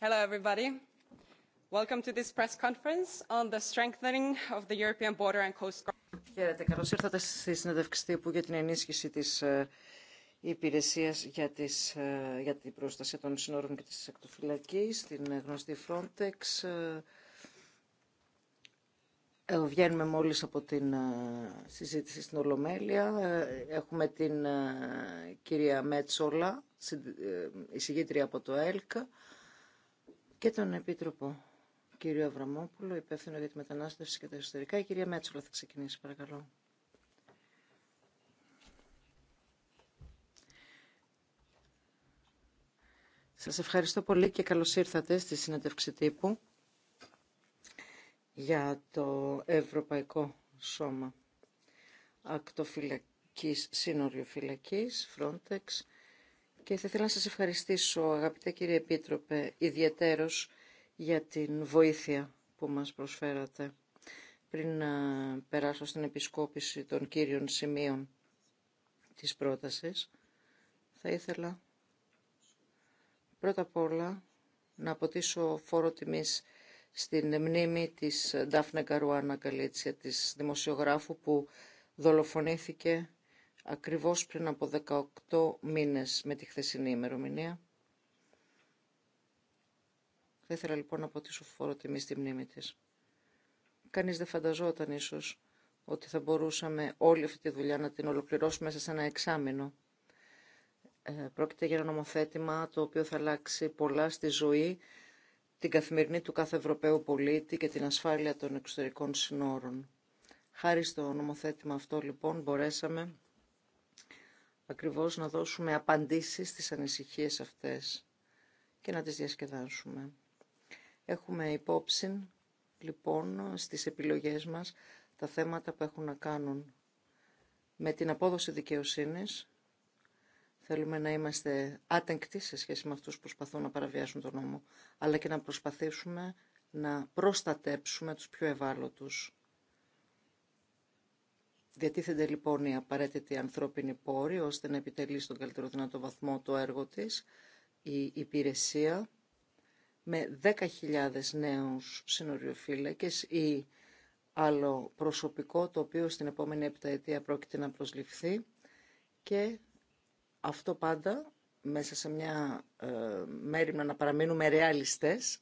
Hello, everybody. Welcome to this press conference on the strengthening of the European border and coast guard. Χαίρετε. Καλώς ήρθατε στη συνέντευξη τύπου για την ενίσχυση της ε, υπηρεσίας για, τις, ε, για την προστασία των συνόρων και της εκτοφυλακής, την ε, γνωστή Frontex. Βγαίνουμε μόλις από την συζήτηση στην Ολομέλεια. Έχουμε την κυρία Μέτσολα, εισηγήτρια από το ΕΛΚ και τον Επίτροπο κύριο Αβραμόπουλο, υπεύθυνο για τη μετανάστευση και τα εσωτερικά. Η κυρία Μέτσουλα θα ξεκινήσει, παρακαλώ. Σας ευχαριστώ πολύ και καλώς ήρθατε στη συνέντευξη τύπου για το Ευρωπαϊκό Σώμα Ακτοφυλακής, Φυλακής, Frontex και θα ήθελα να σας ευχαριστήσω, αγαπητέ κύριε Επίτροπε, ιδιαίτερος για την βοήθεια που μας προσφέρατε πριν να περάσω στην επισκόπηση των κύριων σημείων της πρότασης. Θα ήθελα πρώτα απ' όλα να αποτίσω φόρο τιμής στην μνήμη της Ντάφνε Καρουάνα Καλίτσια, της δημοσιογράφου που δολοφονήθηκε ακριβώς πριν από 18 μήνες με τη χθεσινή ημερομηνία. Θα ήθελα λοιπόν να σου φορώ τιμή στη μνήμη της. Κανείς δεν φανταζόταν ίσως ότι θα μπορούσαμε όλη αυτή τη δουλειά να την ολοκληρώσουμε μέσα σε ένα εξάμεινο. Ε, πρόκειται για ένα νομοθέτημα το οποίο θα αλλάξει πολλά στη ζωή, την καθημερινή του κάθε Ευρωπαίου πολίτη και την ασφάλεια των εξωτερικών συνόρων. Χάρη στο νομοθέτημα αυτό λοιπόν μπορέσαμε ακριβώς να δώσουμε απαντήσεις στις ανησυχίες αυτές και να τις διασκεδάσουμε. Έχουμε υπόψη, λοιπόν, στις επιλογές μας τα θέματα που έχουν να κάνουν με την απόδοση δικαιοσύνης. Θέλουμε να είμαστε άτεγκτοι σε σχέση με αυτούς που προσπαθούν να παραβιάσουν τον νόμο, αλλά και να προσπαθήσουμε να προστατέψουμε τους πιο ευάλωτους Διατίθενται λοιπόν η απαραίτητη ανθρώπινη πόροι ώστε να επιτελεί στον καλύτερο δυνατό βαθμό το έργο της η υπηρεσία με 10.000 νέους συνοριοφύλακες ή άλλο προσωπικό το οποίο στην επόμενη επταετία πρόκειται να προσληφθεί και αυτό πάντα μέσα σε μια ε, μέρη να παραμείνουμε ρεαλιστές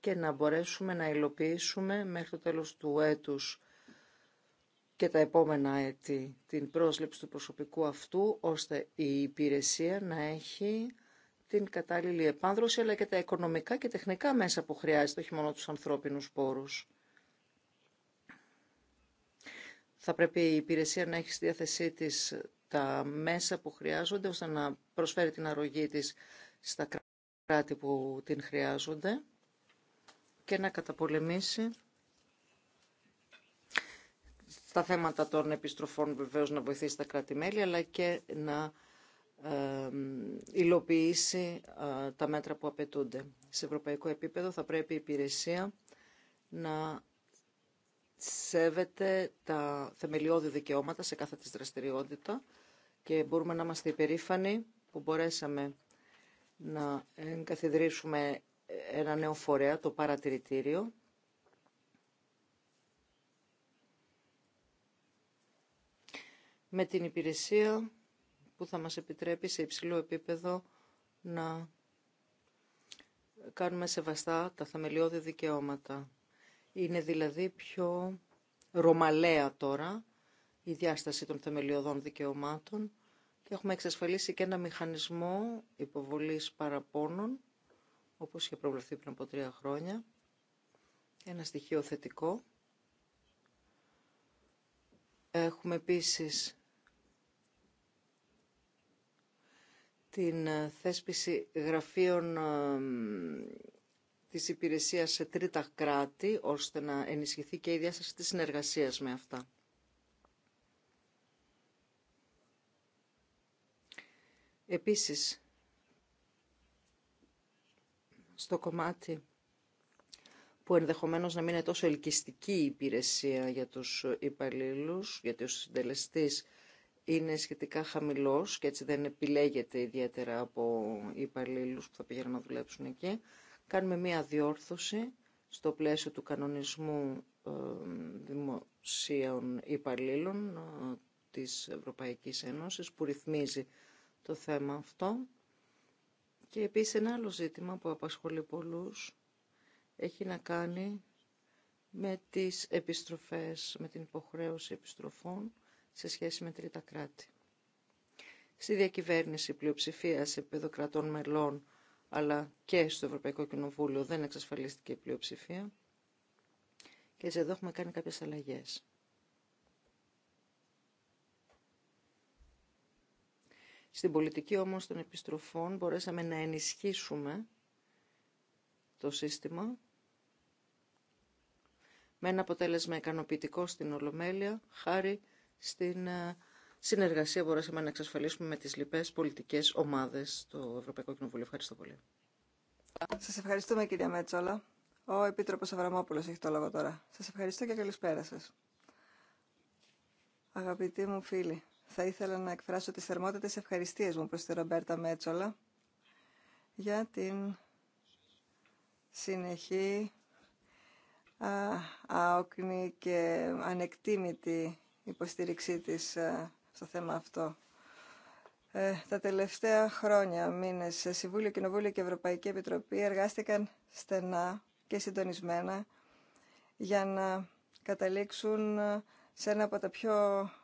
και να μπορέσουμε να υλοποιήσουμε μέχρι το τέλος του έτους και τα επόμενα έτη την πρόσληψη του προσωπικού αυτού, ώστε η υπηρεσία να έχει την κατάλληλη επάνδρωση, αλλά και τα οικονομικά και τεχνικά μέσα που χρειάζεται, όχι μόνο τους ανθρώπινους πόρους. Θα πρέπει η υπηρεσία να έχει στη διάθεσή της τα μέσα που χρειάζονται, ώστε να προσφέρει την αρρωγή της στα κράτη που την χρειάζονται και να καταπολεμήσει στα θέματα των επιστροφών βεβαίως να βοηθήσει τα κράτη-μέλη, αλλά και να ε, υλοποιήσει ε, τα μέτρα που απαιτούνται. Σε ευρωπαϊκό επίπεδο θα πρέπει η υπηρεσία να σέβεται τα θεμελιώδη δικαιώματα σε κάθε της δραστηριότητα και μπορούμε να είμαστε υπερήφανοι που μπορέσαμε να εγκαθιδρύσουμε ένα νέο φορέα, το παρατηρητήριο, με την υπηρεσία που θα μας επιτρέπει σε υψηλό επίπεδο να κάνουμε σεβαστά τα θεμελιώδη δικαιώματα. Είναι δηλαδή πιο ρωμαλαία τώρα η διάσταση των θεμελιωδών δικαιωμάτων και έχουμε εξασφαλίσει και ένα μηχανισμό υποβολής παραπώνων, όπως είχε προβληθεί πριν από τρία χρόνια, ένα στοιχείο θετικό. Έχουμε επίσης την ε, θέσπιση γραφείων ε, της υπηρεσίας σε τρίτα κράτη, ώστε να ενισχυθεί και η διάσταση της συνεργασίας με αυτά. Επίσης, στο κομμάτι που ενδεχομένως να μην είναι τόσο ελκυστική η υπηρεσία για τους υπαλλήλους, γιατί ο συντελεστής είναι σχετικά χαμηλός και έτσι δεν επιλέγεται ιδιαίτερα από υπαλλήλου που θα πηγαίνουν να δουλέψουν εκεί. Κάνουμε μία διόρθωση στο πλαίσιο του κανονισμού ε, δημοσίων υπαλλήλων ε, της Ευρωπαϊκής Ένωσης που ρυθμίζει το θέμα αυτό. Και επίσης ένα άλλο ζήτημα που απασχολεί πολλούς έχει να κάνει με τις επιστροφές, με την υποχρέωση επιστροφών σε σχέση με τρίτα κράτη. Στη διακυβέρνηση πλειοψηφία σε κρατών μελών, αλλά και στο Ευρωπαϊκό Κοινοβούλιο δεν εξασφαλίστηκε η πλειοψηφία. Και εδώ έχουμε κάνει κάποιες αλλαγές. Στην πολιτική όμως των επιστροφών μπορέσαμε να ενισχύσουμε το σύστημα με ένα αποτέλεσμα ικανοποιητικό στην Ολομέλεια χάρη στην ε, συνεργασία μπορέσαμε να εξασφαλίσουμε με τις λοιπές πολιτικές ομάδες στο Ευρωπαϊκό Κοινοβούλιο. Ευχαριστώ πολύ. Σας ευχαριστούμε κυρία Μέτσολα. Ο Επίτροπος Αβραμόπουλος έχει το λόγο τώρα. Σας ευχαριστώ και καλησπέρα σας. Αγαπητοί μου φίλοι, θα ήθελα να εκφράσω τις θερμότητες ευχαριστίες μου προς τη Ρομπέρτα Μέτσολα για την συνεχή άοκνη και ανεκτήμητη υποστήριξή της ε, στο θέμα αυτό. Ε, τα τελευταία χρόνια, μήνες, σε Συμβούλιο, Κοινοβούλιο και Ευρωπαϊκή Επιτροπή εργάστηκαν στενά και συντονισμένα για να καταλήξουν ε, σε ένα από τα πιο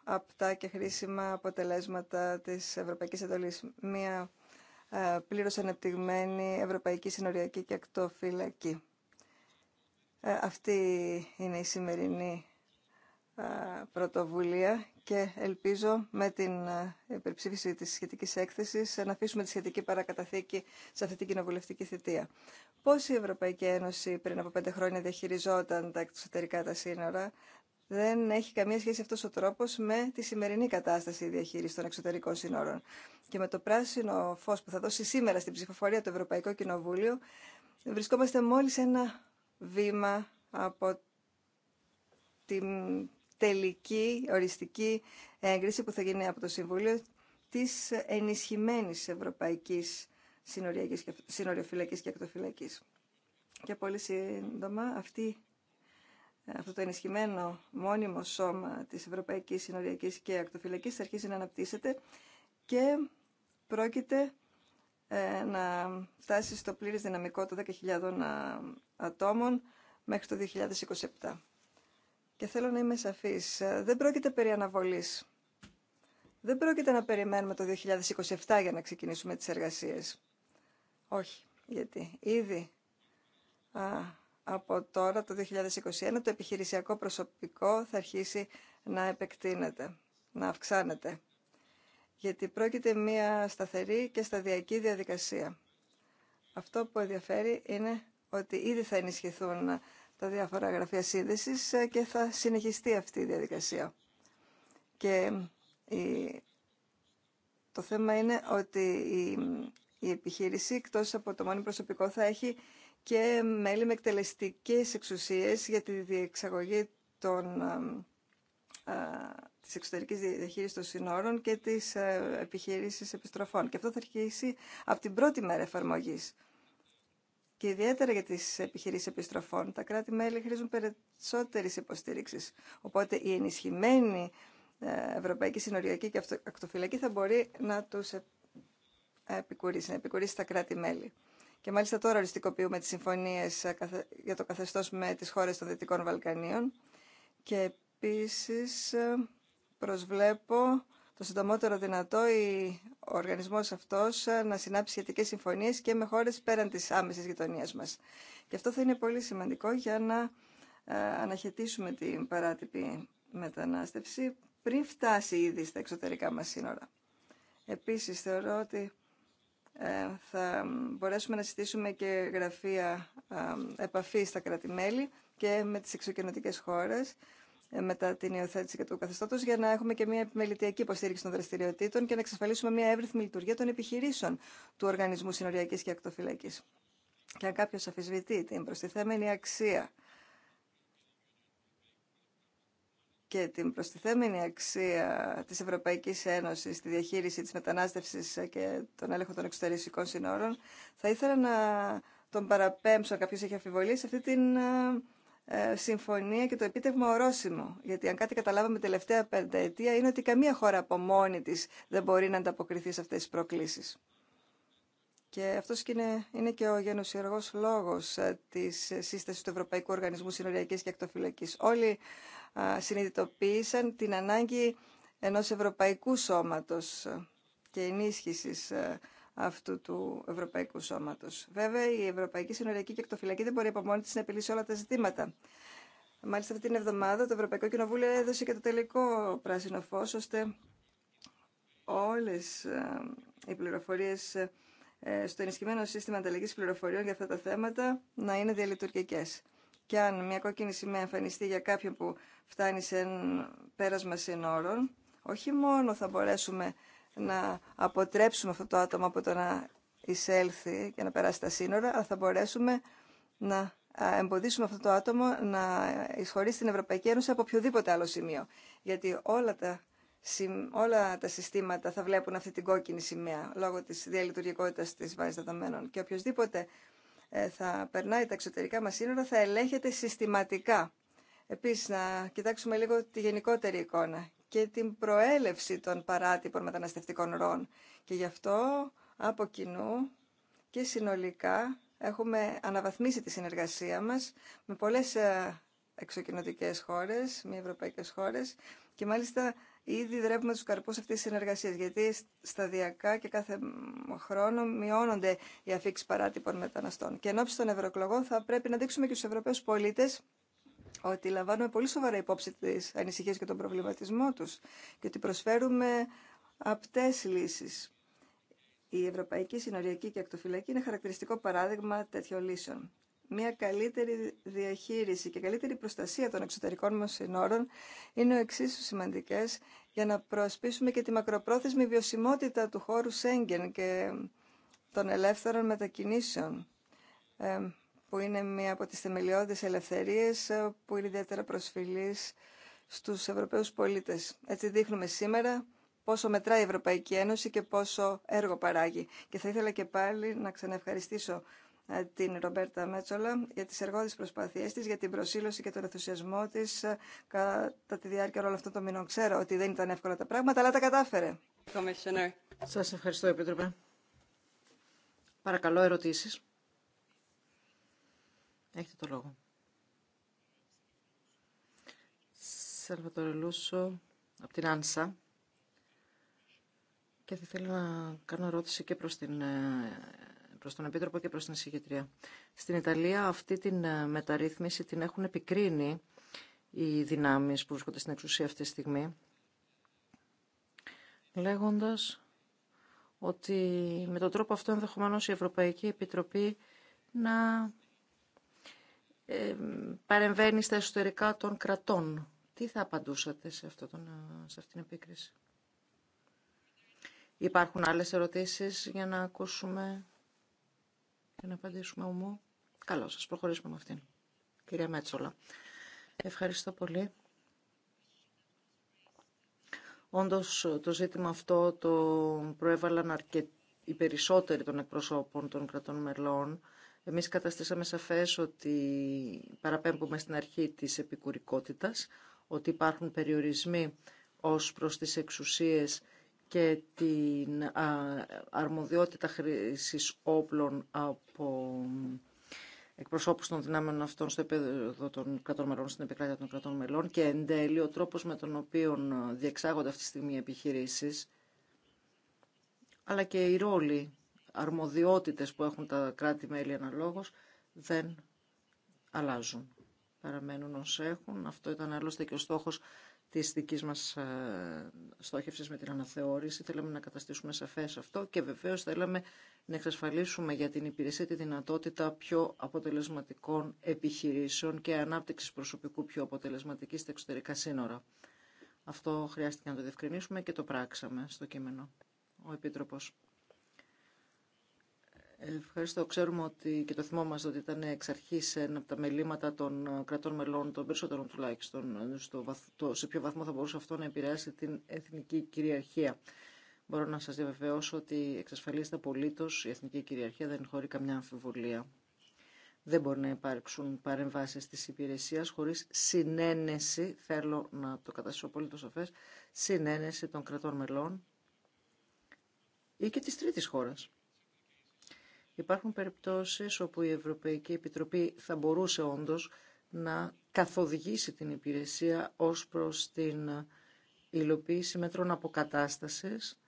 απτά και χρήσιμα αποτελέσματα της Ευρωπαϊκής Εντολής. Μία πλήρως ανεπτυγμένη Ευρωπαϊκή Συνοριακή και Ακτοφυλακή. Αυτή είναι η σημερινή πρωτοβουλία και ελπίζω με την υπερψήφιση της σχετικής έκθεσης να αφήσουμε τη σχετική παρακαταθήκη σε αυτή την κοινοβουλευτική θητεία. Πώς η Ευρωπαϊκή Ένωση πριν από πέντε χρόνια διαχειριζόταν τα εξωτερικά τα σύνορα, δεν έχει καμία σχέση αυτός ο τρόπος με τη σημερινή κατάσταση διαχείριση των εξωτερικών σύνορων. Και με το πράσινο φως που θα δώσει σήμερα στην ψηφοφορία του Ευρωπαϊκό Κοινοβούλιο, βρισκόμαστε μόλις ένα βήμα από την τελική, οριστική έγκριση που θα γίνει από το Συμβούλιο της ενισχυμένης Ευρωπαϊκής Συνοριοφυλακής και Ακτοφυλακής. Και πολύ σύντομα αυτή, αυτό το ενισχυμένο μόνιμο σώμα της Ευρωπαϊκής Συνοριακής και Ακτοφυλακής θα αρχίσει να αναπτύσσεται και πρόκειται ε, να φτάσει στο πλήρες δυναμικό των 10.000 ε, ατόμων μέχρι το 2027. Και θέλω να είμαι σαφής. Ε, δεν πρόκειται περί αναβολής. Δεν πρόκειται να περιμένουμε το 2027 για να ξεκινήσουμε τις εργασίες. Όχι, γιατί ήδη α, από τώρα, το 2021, το επιχειρησιακό προσωπικό θα αρχίσει να επεκτείνεται, να αυξάνεται. Γιατί πρόκειται μια σταθερή και σταδιακή διαδικασία. Αυτό που ενδιαφέρει είναι ότι ήδη θα ενισχυθούν τα διάφορα γραφεία σύνδεσης ε, και θα συνεχιστεί αυτή η διαδικασία. Και ε, το θέμα είναι ότι η επιχείρηση, εκτός από το μόνο προσωπικό, θα έχει και μέλη με εκτελεστικές εξουσίες για τη διεξαγωγή των, α, ε, της εξωτερικής διαχείρισης των συνόρων και της επιχείρησης επιστροφών. Και αυτό θα αρχίσει από την πρώτη μέρα εφαρμογής και ιδιαίτερα για τις επιχειρήσεις επιστροφών, τα κράτη-μέλη χρήζουν περισσότερη υποστήριξη. Οπότε η ενισχυμένη ε, Ευρωπαϊκή Συνοριακή και Ακτοφυλακή θα μπορεί να τους επικουρήσει, να επικουρήσει τα κράτη-μέλη. Και μάλιστα τώρα οριστικοποιούμε τις συμφωνίες ε, για το καθεστώς με τις χώρες των Δυτικών Βαλκανίων και επίσης ε, προσβλέπω το συντομότερο δυνατό ο οργανισμός αυτός ε, να συνάψει σχετικές συμφωνίες και με χώρες πέραν της άμεσης γειτονίας μας. Και αυτό θα είναι πολύ σημαντικό για να ε, αναχαιτήσουμε την παράτυπη μετανάστευση πριν φτάσει ήδη στα εξωτερικά μας σύνορα. Επίσης, θεωρώ ότι ε, θα μπορέσουμε να συστήσουμε και γραφεία επαφή στα κρατη και με τις εξωκοινωτικές χώρες ε, μετά την υιοθέτηση και του καθεστώτο, για να έχουμε και μια επιμελητιακή υποστήριξη των δραστηριοτήτων και να εξασφαλίσουμε μια εύρυθμη λειτουργία των επιχειρήσεων του Οργανισμού Συνοριακή και Ακτοφυλακή. Και αν κάποιο αφισβητεί την προστιθέμενη αξία και την προστιθέμενη αξία της Ευρωπαϊκής Ένωσης στη διαχείριση της μετανάστευσης και τον έλεγχο των εξωτερικών συνόρων, θα ήθελα να τον παραπέμψω, αν κάποιος έχει αφιβολή σε αυτή την ε, ε, συμφωνία και το επίτευγμα ορόσημο. Γιατί αν κάτι καταλάβαμε τελευταία πενταετία είναι ότι καμία χώρα από μόνη της δεν μπορεί να ανταποκριθεί σε αυτές τις προκλήσεις. Και αυτός είναι, είναι και ο γενοσυργός λόγος ε, της σύστασης του Ευρωπαϊκού Οργανισμού Συνοριακής και Ακτοφυλακής. Όλοι συνειδητοποίησαν την ανάγκη ενός ευρωπαϊκού σώματος και ενίσχυσης ε, αυτού του Ευρωπαϊκού Σώματο. Βέβαια, η Ευρωπαϊκή Συνοριακή και Εκτοφυλακή δεν μπορεί από μόνη τη να επιλύσει όλα τα ζητήματα. Μάλιστα, αυτή την εβδομάδα το Ευρωπαϊκό Κοινοβούλιο έδωσε και το τελικό πράσινο φω, ώστε όλε ε, οι πληροφορίε ε, στο ενισχυμένο σύστημα ανταλλαγή πληροφοριών για αυτά τα θέματα να είναι διαλειτουργικέ. Και αν μια κόκκινη σημαία εμφανιστεί για κάποιον που φτάνει σε πέρασμα συνόρων, όχι μόνο θα μπορέσουμε να αποτρέψουμε αυτό το άτομο από το να εισέλθει και να περάσει τα σύνορα, αλλά θα μπορέσουμε να εμποδίσουμε αυτό το άτομο να εισχωρεί στην Ευρωπαϊκή Ένωση από οποιοδήποτε άλλο σημείο. Γιατί όλα τα, όλα τα συστήματα θα βλέπουν αυτή την κόκκινη σημαία λόγω της διαλειτουργικότητας της βάσης δεδομένων και οποιοδήποτε ε, θα περνάει τα εξωτερικά μας σύνορα θα ελέγχεται συστηματικά. Επίσης, να κοιτάξουμε λίγο τη γενικότερη εικόνα και την προέλευση των παράτυπων μεταναστευτικών ροών. Και γι' αυτό από κοινού και συνολικά έχουμε αναβαθμίσει τη συνεργασία μας με πολλές ε, εξοκοινωτικές χώρες, μη ευρωπαϊκές χώρες και μάλιστα ήδη δρεύουμε τους καρπούς αυτής της συνεργασίας γιατί σταδιακά και κάθε χρόνο μειώνονται οι αφήξεις παράτυπων μεταναστών. Και ενώπιση των ευρωεκλογών θα πρέπει να δείξουμε και στους Ευρωπαίους πολίτες ότι λαμβάνουμε πολύ σοβαρά υπόψη τις ανησυχίες και τον προβληματισμό τους και ότι προσφέρουμε απτές λύσεις. Η Ευρωπαϊκή Συνοριακή και Ακτοφυλακή είναι χαρακτηριστικό παράδειγμα τέτοιων λύσεων. Μια καλύτερη διαχείριση και καλύτερη προστασία των εξωτερικών μας συνόρων είναι ο εξίσου σημαντικές για να προασπίσουμε και τη μακροπρόθεσμη βιωσιμότητα του χώρου Σέγγεν και των ελεύθερων μετακινήσεων. Ε, που είναι μία από τις θεμελιώδεις ελευθερίες ε, που είναι ιδιαίτερα προσφυλής στους Ευρωπαίους πολίτες. Έτσι δείχνουμε σήμερα πόσο μετράει η Ευρωπαϊκή Ένωση και πόσο έργο παράγει. Και θα ήθελα και πάλι να ξαναευχαριστήσω ε, την Ρομπέρτα Μέτσολα για τις εργόδεις προσπάθειές της, για την προσήλωση και τον ενθουσιασμό της ε, κατά τη διάρκεια όλων αυτών των μηνών. Ξέρω ότι δεν ήταν εύκολα τα πράγματα, αλλά τα κατάφερε. Σας ευχαριστώ, Επίτροπε. Παρακαλώ, ερωτήσεις. Έχετε το λόγο. Σαλβατορελούσο από την Άνσα και θα ήθελα να κάνω ερώτηση και προς, την, ε, προς τον Επίτροπο και προς την Συγκεκριά. Στην Ιταλία αυτή την ε, μεταρρύθμιση την έχουν επικρίνει οι δυνάμεις που βρίσκονται στην εξουσία αυτή τη στιγμή λέγοντας ότι με τον τρόπο αυτό ενδεχομένως η Ευρωπαϊκή Επιτροπή να ε, παρεμβαίνει στα εσωτερικά των κρατών. Τι θα απαντούσατε σε, αυτό τον, ε, σε αυτήν την επίκριση. Υπάρχουν άλλες ερωτήσεις για να ακούσουμε και να απαντήσουμε ομού. Καλώ σας προχωρήσουμε με αυτήν. Κυρία Μέτσολα, ευχαριστώ πολύ. Όντως το ζήτημα αυτό το προέβαλαν αρκετοί οι περισσότεροι των εκπροσώπων των κρατών μελών εμείς καταστήσαμε σαφές ότι παραπέμπουμε στην αρχή της επικουρικότητας, ότι υπάρχουν περιορισμοί ως προς τις εξουσίες και την αρμοδιότητα χρήσης όπλων από εκπροσώπους των δυνάμεων αυτών στο επίπεδο των κρατών μελών, στην επικράτεια των κρατών μελών και εν τέλει ο τρόπος με τον οποίο διεξάγονται αυτή τη στιγμή οι επιχειρήσεις αλλά και οι ρόλοι αρμοδιότητες που έχουν τα κράτη-μέλη αναλόγως δεν αλλάζουν. Παραμένουν όσοι έχουν. Αυτό ήταν άλλωστε και ο στόχος της δικής μας ε, στόχευσης με την αναθεώρηση. Θέλαμε να καταστήσουμε σαφές αυτό και βεβαίως θέλαμε να εξασφαλίσουμε για την υπηρεσία τη δυνατότητα πιο αποτελεσματικών επιχειρήσεων και ανάπτυξης προσωπικού πιο αποτελεσματική στα εξωτερικά σύνορα. Αυτό χρειάστηκε να το διευκρινίσουμε και το πράξαμε στο κείμενο. Ο Επίτροπος. Ευχαριστώ. Ξέρουμε ότι και το θυμό μας ότι ήταν εξ αρχής ένα από τα μελήματα των ε, κρατών μελών, των περισσότερων τουλάχιστον, ε, στο βαθ, σε ποιο βαθμό θα μπορούσε αυτό να επηρεάσει την εθνική κυριαρχία. Μπορώ να σας διαβεβαιώσω ότι εξασφαλίζεται απολύτω η εθνική κυριαρχία δεν χωρεί καμιά αμφιβολία. Δεν μπορεί να υπάρξουν παρεμβάσει τη υπηρεσία χωρί συνένεση, θέλω να το καταστήσω το σαφέ. συνένεση των κρατών μελών ή και τη τρίτη χώρα. Υπάρχουν περιπτώσεις όπου η Ευρωπαϊκή Επιτροπή θα μπορούσε όντως να καθοδηγήσει την υπηρεσία ως προς την υλοποίηση μέτρων αποκατάστασης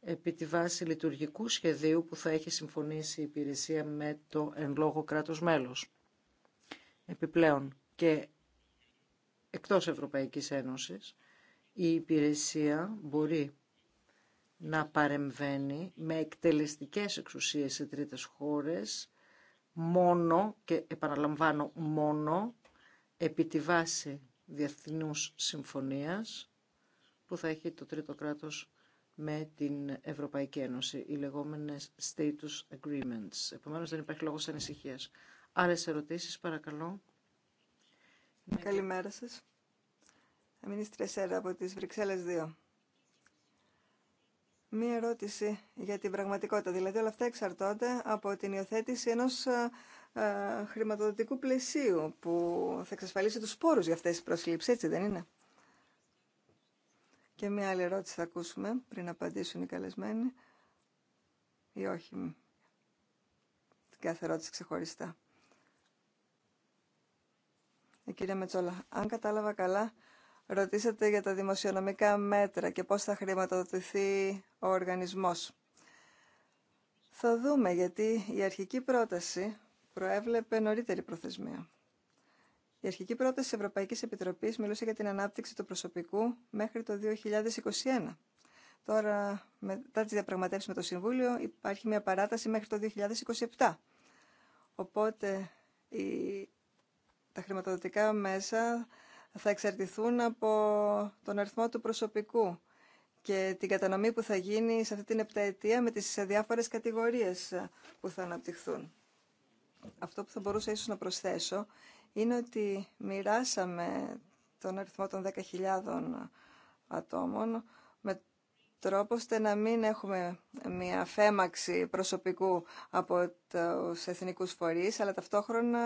επί τη βάση λειτουργικού σχεδίου που θα έχει συμφωνήσει η υπηρεσία με το εν λόγω κράτος μέλος. Επιπλέον και εκτός Ευρωπαϊκής Ένωσης, η υπηρεσία μπορεί να παρεμβαίνει με εκτελεστικές εξουσίες σε τρίτες χώρες μόνο και επαναλαμβάνω μόνο επί τη βάση διεθνούς συμφωνίας που θα έχει το τρίτο κράτος με την Ευρωπαϊκή Ένωση, οι λεγόμενες status agreements. Επομένως δεν υπάρχει λόγος ανησυχίας. Άλλες ερωτήσεις παρακαλώ. Καλημέρα σας. Αμήνης Σέρα από τις Βρυξέλλες 2. Μία ερώτηση για την πραγματικότητα. Δηλαδή όλα αυτά εξαρτώνται από την υιοθέτηση ενός ε, ε, χρηματοδοτικού πλαισίου που θα εξασφαλίσει τους σπόρους για αυτές τις προσλήψεις, έτσι δεν είναι. Και μία άλλη ερώτηση θα ακούσουμε πριν απαντήσουν οι καλεσμένοι ή όχι. Την κάθε ερώτηση ξεχωριστά. Η ε, κυρία Μετσόλα, αν κατάλαβα καλά, Ρωτήσατε για τα δημοσιονομικά μέτρα και πώς θα χρηματοδοτηθεί ο οργανισμός. Θα δούμε, γιατί η αρχική πρόταση προέβλεπε νωρίτερη προθεσμία. Η αρχική πρόταση της Ευρωπαϊκής Επιτροπής μιλούσε για την ανάπτυξη του προσωπικού μέχρι το 2021. Τώρα, μετά τις διαπραγματεύσεις με το Συμβούλιο, υπάρχει μια παράταση μέχρι το 2027. Οπότε, η... τα χρηματοδοτικά μέσα θα εξαρτηθούν από τον αριθμό του προσωπικού και την κατανομή που θα γίνει σε αυτή την επταετία με τις διάφορες κατηγορίες που θα αναπτυχθούν. Αυτό που θα μπορούσα ίσως να προσθέσω είναι ότι μοιράσαμε τον αριθμό των 10.000 ατόμων τρόπο ώστε να μην έχουμε μια φέμαξη προσωπικού από τους εθνικούς φορείς, αλλά ταυτόχρονα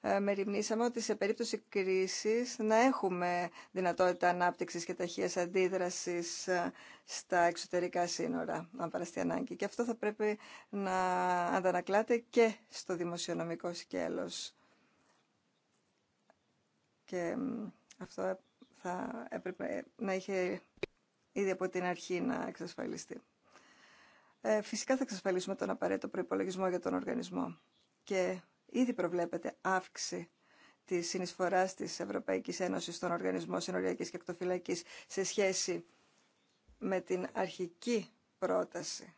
ε, μεριμνήσαμε ότι σε περίπτωση κρίσης να έχουμε δυνατότητα ανάπτυξης και ταχείας αντίδρασης ε, στα εξωτερικά σύνορα, αν παραστεί ανάγκη. Και αυτό θα πρέπει να αντανακλάται και στο δημοσιονομικό σκέλος. Και αυτό θα έπρεπε να είχε ήδη από την αρχή να εξασφαλιστεί. Ε, φυσικά θα εξασφαλίσουμε τον απαραίτητο προϋπολογισμό για τον οργανισμό και ήδη προβλέπεται αύξηση τη συνεισφορά τη Ευρωπαϊκή Ένωση στον Οργανισμό Συνοριακή και Εκτοφυλακή σε σχέση με την αρχική πρόταση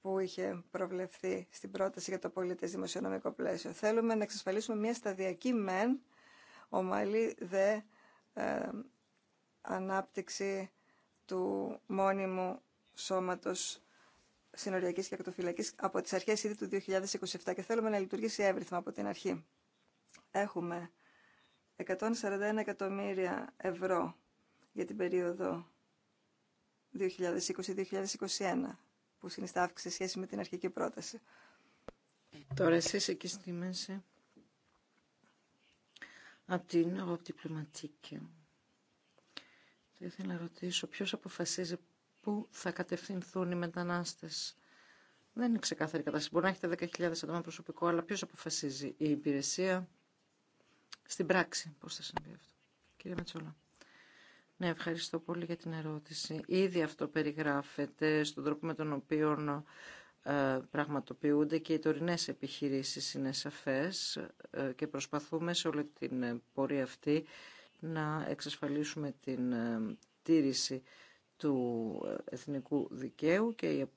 που είχε προβλεφθεί στην πρόταση για το πολίτες δημοσιονομικό πλαίσιο. Θέλουμε να εξασφαλίσουμε μια σταδιακή μεν ομαλή δε ε, ανάπτυξη του μόνιμου σώματος συνοριακής και ακτοφυλακής από τις αρχές ήδη του 2027 και θέλουμε να λειτουργήσει εύρυθμα από την αρχή. Έχουμε 141 εκατομμύρια ευρώ για την περίοδο 2020-2021 που συνιστά αύξηση σε σχέση με την αρχική πρόταση. Τώρα εσείς εκεί στη μέση από την θα ήθελα να ρωτήσω ποιος αποφασίζει πού θα κατευθυνθούν οι μετανάστες. Δεν είναι ξεκάθαρη η κατάσταση. Μπορεί να έχετε 10.000 άτομα προσωπικό, αλλά ποιος αποφασίζει η υπηρεσία στην πράξη. Πώς θα συμβεί αυτό. Κύριε Μετσόλα. Ναι, ευχαριστώ πολύ για την ερώτηση. Ήδη αυτό περιγράφεται στον τρόπο με τον οποίο ε, πραγματοποιούνται και οι τωρινές επιχειρήσεις είναι σαφές ε, και προσπαθούμε σε όλη την πορεία αυτή να εξασφαλίσουμε την ε, τήρηση του εθνικού δικαίου και η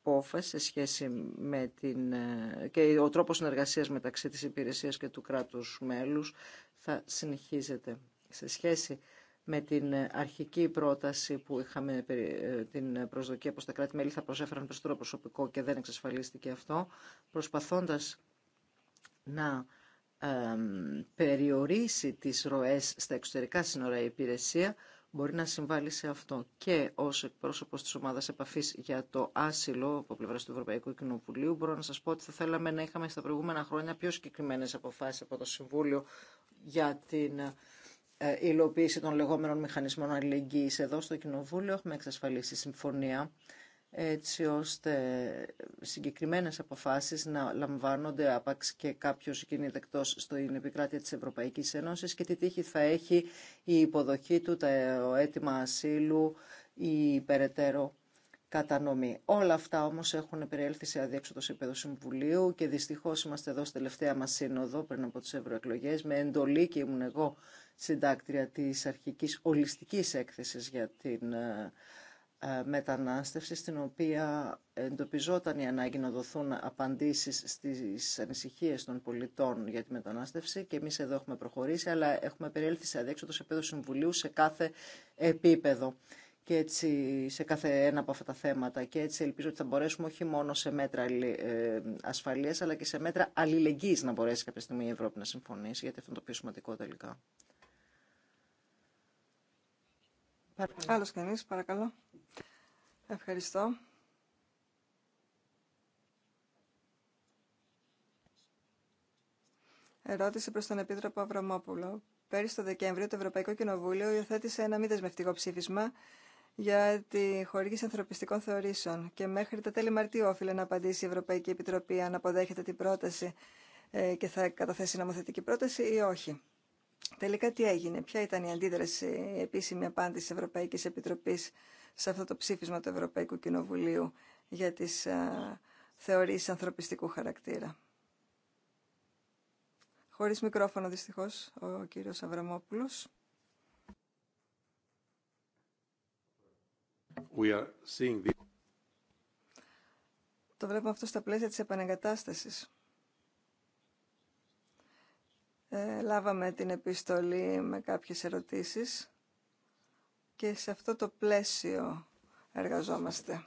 απόφαση σε σχέση με την... Ε, και ο τρόπος συνεργασίας μεταξύ της υπηρεσίας και του κράτους μέλους θα συνεχίζεται. Σε σχέση με την αρχική πρόταση που είχαμε ε, την προσδοκία πως τα κράτη-μέλη θα προσέφεραν περισσότερο προσωπικό και δεν εξασφαλίστηκε αυτό, προσπαθώντας να περιορίσει τις ροές στα εξωτερικά σύνορα η υπηρεσία μπορεί να συμβάλλει σε αυτό. Και ως εκπρόσωπος της ομάδας επαφής για το άσυλο από πλευρά του Ευρωπαϊκού Κοινοβουλίου μπορώ να σας πω ότι θα θέλαμε να είχαμε στα προηγούμενα χρόνια πιο συγκεκριμένε αποφάσεις από το Συμβούλιο για την ε, υλοποίηση των λεγόμενων μηχανισμών αλληλεγγύης. Εδώ στο Κοινοβούλιο έχουμε εξασφαλίσει συμφωνία έτσι ώστε συγκεκριμένες αποφάσεις να λαμβάνονται άπαξ και κάποιος γίνει δεκτός στο επικράτεια της Ευρωπαϊκής Ένωσης και τι τύχη θα έχει η υποδοχή του, το αίτημα ασύλου, η περαιτέρω κατανομή. Όλα αυτά όμως έχουν περιέλθει σε αδιέξοδο επίπεδο Συμβουλίου και δυστυχώς είμαστε εδώ στη τελευταία μας σύνοδο πριν από τις ευρωεκλογέ με εντολή και ήμουν εγώ συντάκτρια της αρχικής ολιστικής έκθεσης για την ε, ε, μετανάστευση στην οποία εντοπιζόταν η ανάγκη να δοθούν απαντήσεις στις ανησυχίες των πολιτών για τη μετανάστευση και εμείς εδώ έχουμε προχωρήσει αλλά έχουμε περιέλθει σε αδέξοδο σε επίπεδο συμβουλίου σε κάθε επίπεδο και έτσι σε κάθε ένα από αυτά τα θέματα και έτσι ελπίζω ότι θα μπορέσουμε όχι μόνο σε μέτρα ε, ασφαλείας αλλά και σε μέτρα αλληλεγγύης να μπορέσει κάποια στιγμή η Ευρώπη να συμφωνήσει γιατί αυτό είναι το πιο σημαντικό τελικά. Άλλος κανείς, παρακαλώ. Ευχαριστώ. Ερώτηση προς τον Επίτροπο Αβραμόπουλο. Πέρυσι το Δεκέμβριο το Ευρωπαϊκό Κοινοβούλιο υιοθέτησε ένα μη δεσμευτικό ψήφισμα για τη χορήγηση ανθρωπιστικών θεωρήσεων και μέχρι τα τέλη Μαρτίου όφιλε να απαντήσει η Ευρωπαϊκή Επιτροπή αν αποδέχεται την πρόταση ε, και θα καταθέσει νομοθετική πρόταση ή όχι. Τελικά τι έγινε, ποια ήταν η αντίδραση, η επίσημη απάντηση της Ευρωπαϊκής Επιτροπής σε αυτό το ψήφισμα του Ευρωπαϊκού Κοινοβουλίου για τις α, ανθρωπιστικού χαρακτήρα. Χωρίς μικρόφωνο δυστυχώς ο κύριος Αβραμόπουλος. We are seeing Το βλέπουμε αυτό στα πλαίσια της επανεγκατάστασης. Ε, λάβαμε την επιστολή με κάποιες ερωτήσεις και σε αυτό το πλαίσιο εργαζόμαστε.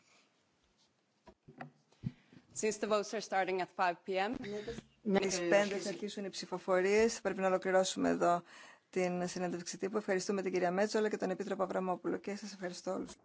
Since the votes are starting at 5 p.m. Ναι, θα αρχίσουν οι ψηφοφορίες. πρέπει να ολοκληρώσουμε εδώ την συνέντευξη τύπου. Ευχαριστούμε την κυρία Μέτσολα και τον Επίτροπο Αβραμόπουλο και σας ευχαριστώ όλους.